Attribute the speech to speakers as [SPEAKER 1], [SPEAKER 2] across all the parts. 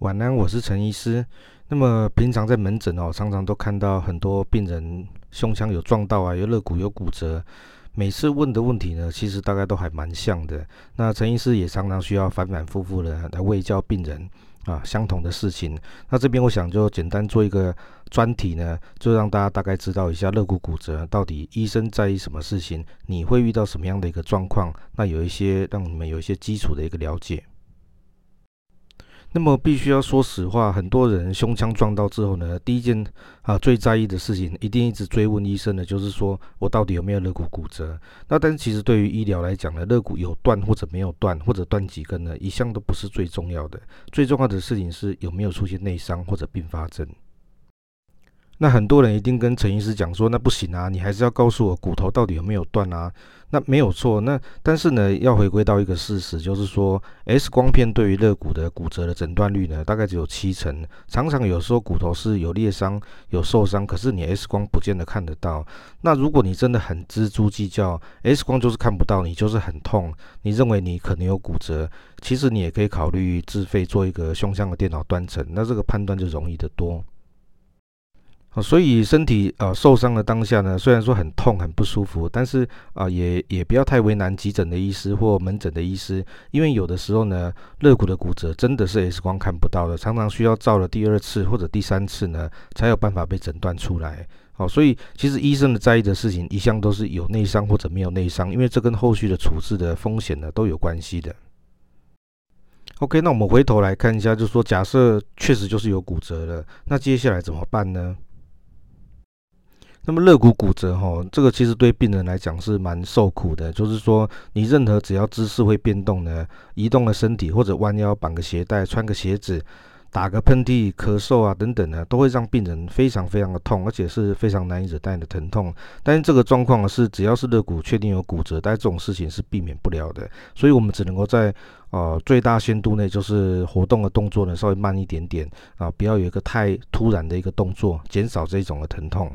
[SPEAKER 1] 晚安，我是陳醫師。那麼平常在門診哦，常常都看到很多病人胸腔有撞到啊，有肋骨有骨折。每次問的問題呢，其實大概都還蠻像的。那陳醫師也常常需要反反复复的來衛教病人啊，相同的事情。那這邊我想就簡單做一個專題呢，就讓大家大概知道一下肋骨骨折到底醫生在意什麼事情，你會遇到什麼樣的一個狀況。那有一些讓你們有一些基礎的一個了解。那麼必須要說實話，很多人胸腔撞到之後呢，第一件啊最在意的事情，一定一直追問醫生的，就是說我到底有沒有肋骨骨折？那但是其實對於醫療來講呢，肋骨有斷或者沒有斷，或者斷幾根呢，一向都不是最重要的。最重要的事情是有沒有出現內傷或者併發症。那很多人一定跟陳醫師講說，那不行啊，你還是要告訴我骨頭到底有沒有斷啊？那沒有錯，那但是呢，要回歸到一個事實，就是說，X 光片對於肋骨的骨折的診斷率呢，大概只有七成。常常有時候骨頭是有裂傷、有受傷，可是你 X 光不見得看得到。那如果你真的很錙銖計較，X 光就是看不到你，你就是很痛，你認為你可能有骨折，其實你也可以考慮自費做一個胸腔的電腦斷層，那這個判斷就容易得多。所以身體呃受傷的當下呢，雖然說很痛很不舒服，但是啊、呃、也也不要太為難急診的醫師或門診的醫師，因為有的時候呢，肋骨的骨折真的是 X 光看不到的，常常需要照了第二次或者第三次呢，才有辦法被診斷出來。哦，所以其實醫生的在意的事情，一向都是有內傷或者沒有內傷，因為這跟後續的處置的風險呢都有關係的。OK，那我們回頭來看一下，就是說假設確實就是有骨折了，那接下來怎麼辦呢？那麼肋骨骨折哈，這個其實對病人來講是蠻受苦的。就是說，你任何只要姿勢會變動呢，移動了身體，或者彎腰綁個鞋帶、穿個鞋子、打個噴嚏、咳嗽啊等等呢，都會讓病人非常非常的痛，而且是非常難以忍耐的疼痛。但是這個狀況是只要是肋骨確定有骨折，但這種事情是避免不了的。所以我們只能夠在呃最大限度內，就是活動的動作呢稍微慢一點點啊、呃，不要有一個太突然的一個動作，減少這種的疼痛。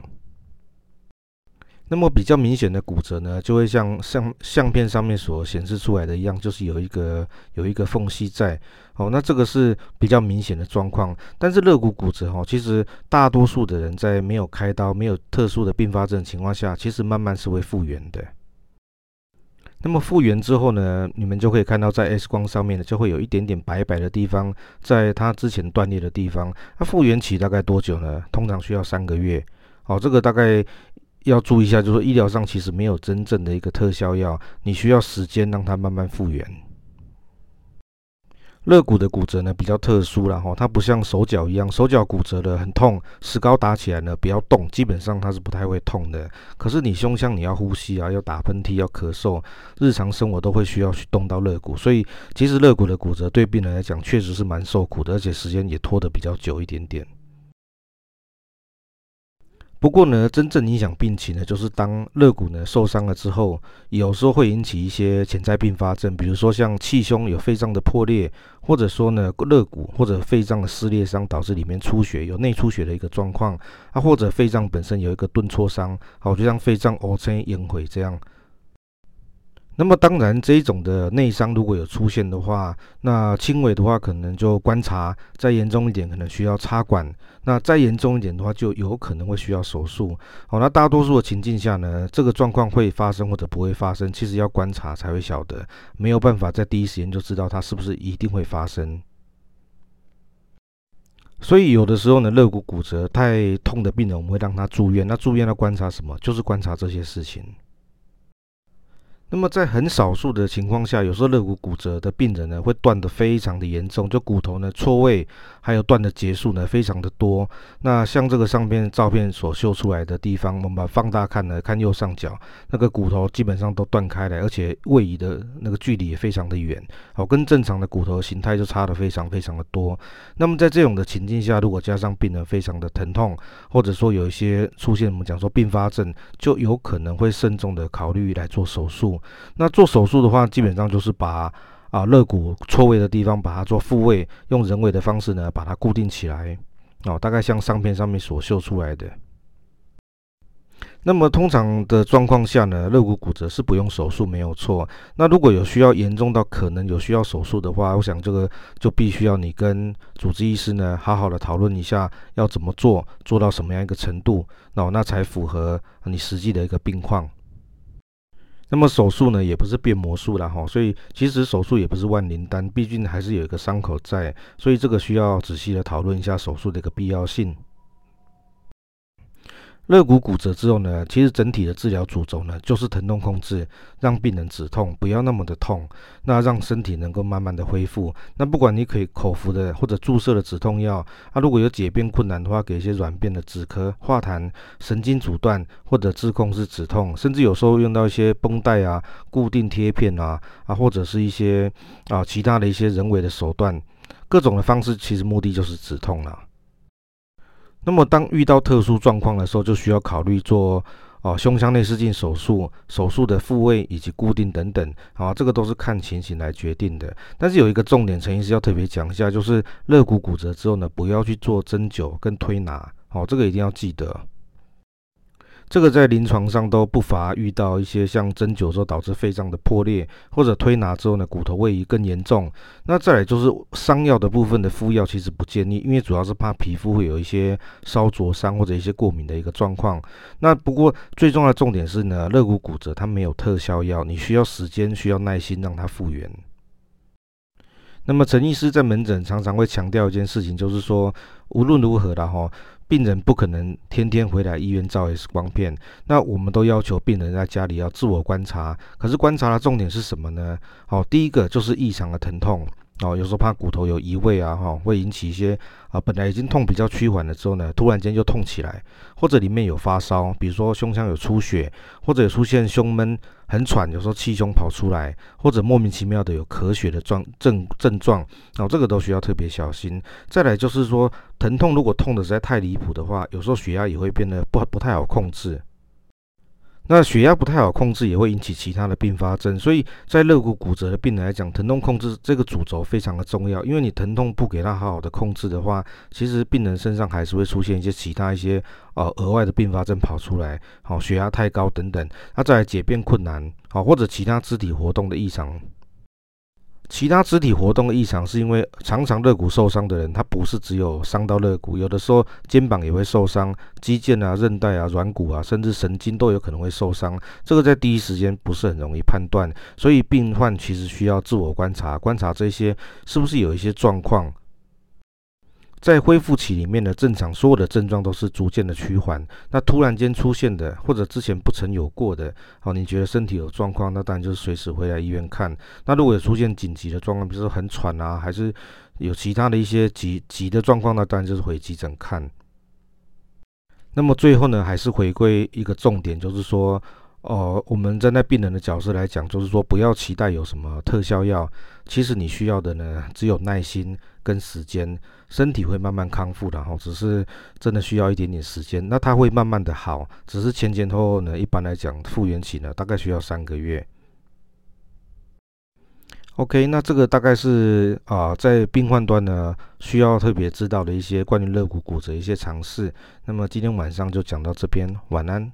[SPEAKER 1] 那麼比較明顯的骨折呢，就會像像相片上面所顯示出來的一樣，就是有一個有一個縫隙在。哦，那這個是比較明顯的狀況。但是肋骨骨折哈，其實大多數的人在沒有開刀、沒有特殊的併發症的情況下，其實慢慢是會復原的。那麼復原之後呢，你們就可以看到在 X 光上面呢，就會有一點點白白的地方，在它之前斷裂的地方。它復原期大概多久呢？通常需要三個月。哦，這個大概。要注意一下，就是說醫療上其實沒有真正的一個特效藥，你需要時間讓它慢慢復原。肋骨的骨折呢，比較特殊，然後它不像手腳一樣，手腳骨折了很痛，石膏打起來呢，不要動，基本上它是不太會痛的。可是你胸腔你要呼吸啊，要打噴嚏，要咳嗽，日常生活都會需要去動到肋骨，所以其實肋骨的骨折對病人來講確實是蠻受苦的，而且時間也拖得比較久一點點。不過呢，真正影響病情呢，就是當肋骨呢受傷了之後，有時候會引起一些潛在併發症，比如說像氣胸、有肺臟的破裂，或者說呢肋骨或者肺臟的撕裂傷導致裡面出血，有內出血的一個狀況，啊或者肺臟本身有一個鈍挫傷，好，就像肺臟凹成圓弧這樣。那麼當然，這一種的內傷如果有出現的話，那輕微的話可能就觀察；再嚴重一點，可能需要插管；那再嚴重一點的話，就有可能會需要手術。好，那大多數的情境下呢，這個狀況會發生或者不會發生，其實要觀察才會曉得，沒有辦法在第一時間就知道它是不是一定會發生。所以有的時候呢，肋骨骨折太痛的病人，我們會讓他住院。那住院要觀察什麼？就是觀察這些事情。那麼在很少數的情況下，有時候肋骨骨折的病人呢，會斷得非常的嚴重，就骨頭呢錯位，還有斷的節數呢非常的多。那像這個上面照片所秀出來的地方，我們把放大看呢，看右上角那個骨頭基本上都斷開了，而且位移的那個距離也非常的遠，好、哦，跟正常的骨頭的形態就差得非常非常的多。那麼在這種的情境下，如果加上病人非常的疼痛，或者說有一些出現我們講說併發症，就有可能會慎重的考慮來做手術。那做手術的話，基本上就是把啊肋骨錯位的地方把它做復位，用人為的方式呢把它固定起來。哦，大概像上片上面所秀出來的。那麼通常的狀況下呢，肋骨骨折是不用手術，沒有錯。那如果有需要嚴重到可能有需要手術的話，我想這個就必須要你跟主治醫師呢好好的討論一下要怎麼做，做到什麼樣一個程度，哦，那才符合你實際的一個病況。那麼手術呢，也不是變魔術了齁，所以其實手術也不是萬靈丹，畢竟還是有一個傷口在，所以這個需要仔細的討論一下手術的一個必要性。肋骨骨折之後呢，其實整體的治療主軸呢，就是疼痛控制，讓病人止痛，不要那麼的痛，那讓身體能夠慢慢的恢復。那不管你可以口服的或者注射的止痛藥，啊，如果有解便困難的話，給一些軟便的止咳化痰、神經阻斷或者自控式止痛，甚至有時候用到一些繃帶啊、固定貼片啊，啊或者是一些啊其他的一些人為的手段，各種的方式，其實目的就是止痛了啊。那麼當遇到特殊狀況的時候，就需要考慮做哦胸腔內視鏡手術、手術的復位以及固定等等啊，這個都是看情形來決定的。但是有一個重點，陳醫師要特別講一下，就是肋骨骨折之後呢，不要去做針灸跟推拿哦，這個一定要記得。這個在臨床上都不乏遇到一些像針灸之後導致肺臟的破裂，或者推拿之後呢骨頭位移更嚴重。那再來就是傷藥的部分的敷藥，其實不建議，因為主要是怕皮膚會有一些燒灼傷或者一些過敏的一個狀況。那不過最重要的重點是呢，肋骨骨折它沒有特效藥，你需要時間，需要耐心讓它復原。那麼陳醫師在門診常常會強調一件事情，就是說無論如何的哈，病人不可能天天回來醫院照 X 光片。那我們都要求病人在家裡要自我觀察，可是觀察的重點是什麼呢？好，第一個就是異常的疼痛。哦，有時候怕骨頭有移位啊，哈，會引起一些啊，本來已經痛比較趨緩了之後呢，突然間又痛起來，或者裡面有發燒，比如說胸腔有出血，或者也出現胸悶、很喘，有時候氣胸跑出來，或者莫名其妙的有咳血的狀症症，症狀，哦，這個都需要特別小心。再來就是說，疼痛如果痛得實在太離譜的話，有時候血壓也會變得不不太好控制。那血壓不太好控制，也會引起其他的併發症。所以在肋骨骨折的病人來講，疼痛控制這個主軸非常的重要。因為你疼痛不給他好好的控制的話，其實病人身上還是會出現一些其他一些呃額外的併發症跑出來，好血壓太高等等，那再來解便困難，好或者其他肢體活動的異常。其他肢體活動的異常，是因為常常肋骨受傷的人，他不是只有傷到肋骨，有的時候肩膀也會受傷，肌腱啊、韌帶啊、軟骨啊，甚至神經都有可能會受傷。這個在第一時間不是很容易判斷，所以病患其實需要自我觀察，觀察這些是不是有一些狀況。在恢復期裡面的正常，所有的症狀都是逐漸的趨緩。那突然間出現的，或者之前不曾有過的，好、哦，你覺得身體有狀況，那當然就是隨時回來醫院看。那如果有出現緊急的狀況，比如說很喘啊，還是有其他的一些急急的狀況，那當然就是回急診看。那麼最後呢，還是回歸一個重點，就是說。哦、呃，我們站在病人的角色來講，就是說不要期待有什麼特效藥。其實你需要的呢，只有耐心跟時間，身體會慢慢康復的哈。只是真的需要一點點時間，那它會慢慢的好。只是前前後後呢，一般來講復原期呢大概需要三個月。OK，那這個大概是啊、呃，在病患端呢需要特別知道的一些關於肋骨骨折一些常識。那麼今天晚上就講到這邊，晚安。